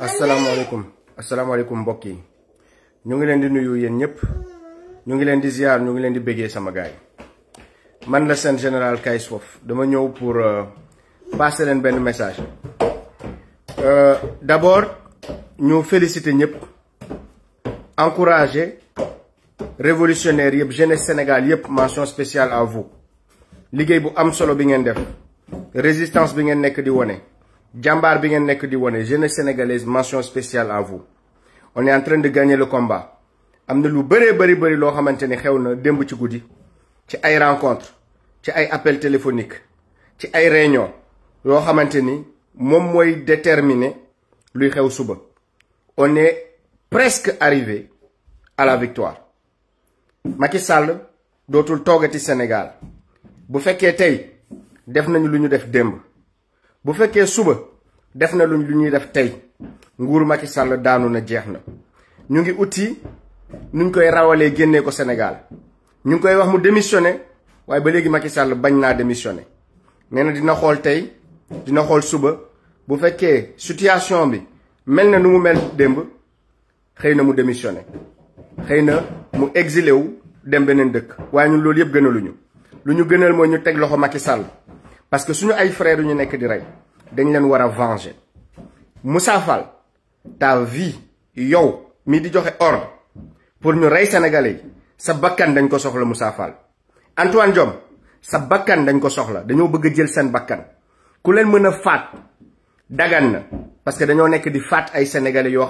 Assalamu alaikum, assalamu alaikum ñu ngi leen di nuyu yéen ñëpp ñu ngi leen di ziar ñu ngi leen di béggee sama gaay man la général Kayz Fof dama ñëw pour euh, passer un bon message euh, d'abord ñu féliciter ñëpp encourager révolutionnaire jeunes jeunesse Sénégal mention spéciale à vous liggéey bu am solo bi ngeen def résistance bi ngeen nek di Jambar bi ngeen nekk di wone jeunesse sénégalaise mention spéciale à vous on est en train de gagner le combat Amna lu bari. bëri bëri lo xamante xewna xew na ci goudi ci ay rencontre ci ay appel téléphonique ci ay réunion lo xamante mom moy déterminé. déterminer luy xew suba on est presque arrivé à la victoire Macky Sall dotul toogati Sénégal bu féké tay def nañu lu ñu def demb. bu fekkee suba def na luñ lu ñuy def tey nguur Macky Sall daanu na jeex na ñu ngi uti nuñ koy rawalee génnee ko Sénégal ñu ngi koy wax mu démissionné waaye ba léegi Macky Sall bañ naa démissionné mel na dina xool tey dina xool suba bu fekkee situation bi mel na nu mu mel démb xëy na mu démissionné xëy na mu exilé wu dem beneen dëkk waaye ñun loolu yëpp gënaluñu lu ñu gënal mooy ñu teg loxo Macky Sall parce que si nous frères des frères nekk nous rey dañ nous venger Moussafal... ta vie yo mi di ordre pour ñu ray sénégalais ça sa bakkan dañ ko soxla Moussa Antoine Diom sa bakkan dañ ko soxla dañu bëgg jël sen bakkan ku leen mëna faat dagan na parce que nous nekk di faat ay sénégalais yo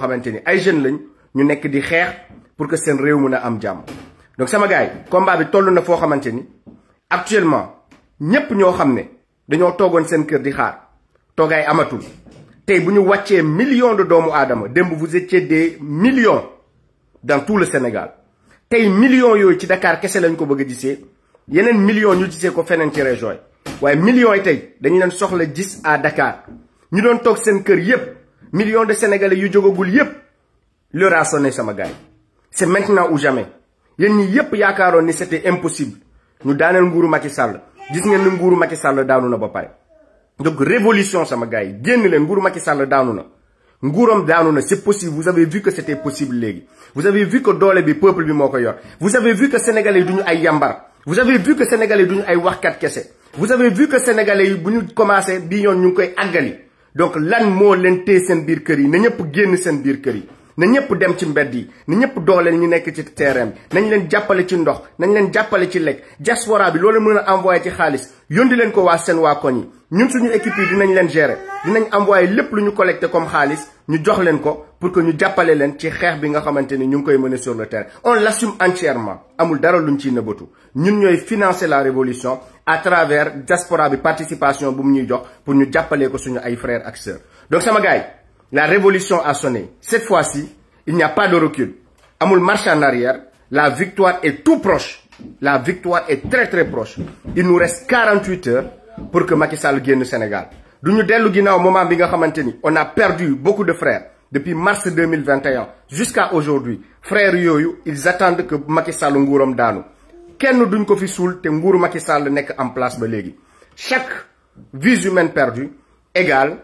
jeunes lañ ñu pour que am donc sama gars combat bi actuellement nous ño dañoo togon sen kër di xaar toogaay amatul tay nous waccé millions de doomu vous étiez des millions dans tout le Sénégal tay millions yoy ci Dakar kessé lañ ko bëgg a avons million millions ñu gisee ko fenen ci région waye millions leen soxla gis à Dakar ñu don tok sen kër yépp millions de Sénégalais yu ont yépp le sama c'est maintenant ou jamais yéen ñi yépp yaakaaroon ni c'était impossible Nous daaneel nguuru Macky Sall gis ngeen que nguuru Macky Sall daanu na ba pare donc révolution sama gars yi génn leen nguuru Macky Sall daanu na nguuram c'est possible vous avez vu que c'était possible vous avez vu que le peuple bi mort. vous avez vu que sénégalais duñu ay yambar vous avez vu que sénégalais duñu ay quatre kese vous avez vu que sénégalais yi commencé bi ñu koy donc lan mo len té sen bir kër yi na ñëpp genn sen bir na ñëpp dem ci mbedd yi na ñëpp dooleel ñu nekk ci terrain bi nañ leen jàppale ci ndox nañ leen jàppale ci lekk diaspora bi loolu mën a envoyé ci xaalis yóndi leen ko waa seen waa koñ yi ñun suñu équipe yi dinañ leen gérer dinañ envoyé lépp lu ñu collecté comme xaalis ñu jox leen ko pour que ñu jàppale leen ci xeex bi nga xamante ni ñu ngi koy mener sur le terrain on l'assume entièrement amul dara lu luñ ciy nëbbatu ñun ñooy financer la révolution à travers diaspora bi participation bu mu ñuy jox pour ñu jàppalee ko suñu ay frères ak sœurs donc yi La révolution a sonné. Cette fois-ci, il n'y a pas de recul. Amoul marche en arrière. La victoire est tout proche. La victoire est très très proche. Il nous reste 48 heures pour que Macky Sall gagne au Sénégal. Nous au moment on a perdu beaucoup de frères depuis mars 2021 jusqu'à aujourd'hui. Frères Yoyo, ils attendent que Macky Sall nguuram daanu. Ken duñ ko fi Macky Sall en place ba chaque vie humaine perdue égale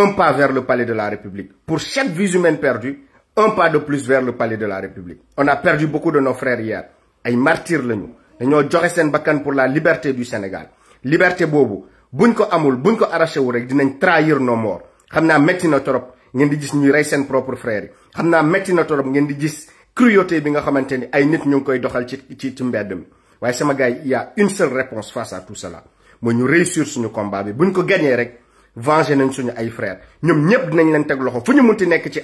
un pas vers le palais de la République. Pour chaque vie humaine perdue, un pas de plus vers le palais de la République. On a perdu beaucoup de nos frères hier. ay martyrs Nous nous joxe sen bakkan pour la liberté du Sénégal liberté Bobo. buñ ko amul buñ ko arraché wu rek dinañ trahir nos morts Xamna metti notre na torop ngeen di gis nous ray nos propre frères Xamna metti notre na torop ngeen di gis cruauté bi nga xamanteni ay nit ñu ngi koy doxal ci ci sama gars il y a une seule réponse face à tout cela mooy ñu réussir suñu combat bi buñ ko gagné rek venger nañ suñu ay frères Nous ñëpp dinañ leen teg loxo fu ñu monter nekk ci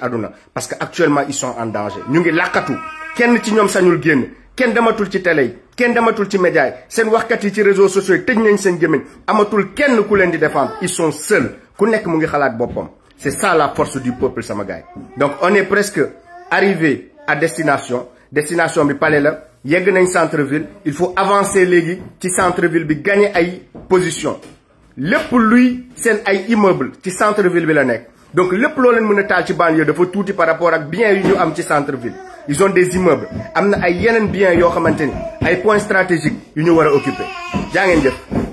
parce que actuellement ils sont en danger ñu ngi làqatu kenn ci ñoom sañul génn kenn dematul ci télé yi kenn dematul ci média yi seen waxkat yi ci réseaux sociaux yi tëj nañ seen gémmiñ amatul kenn ku leen di défendre ils sont seuls ku nekk mu ngi xalaat bopom. c'est ça la force du peuple sama gars donc on est presque arrivé à destination destination bi palais la yegg nañ centre ville il faut avancer léegi ci centre ville bi gagner ay position lepp luy sen ay immeuble ci centre ville bi la donc lepp lo leen mën tal ci banlieue dafa touti par rapport ak biens yu ñu am ci centre ville ils ont des immeubles amna ay yenen biens yo xamanteni ay points stratégiques yu ñu wara occuper jaa ngeen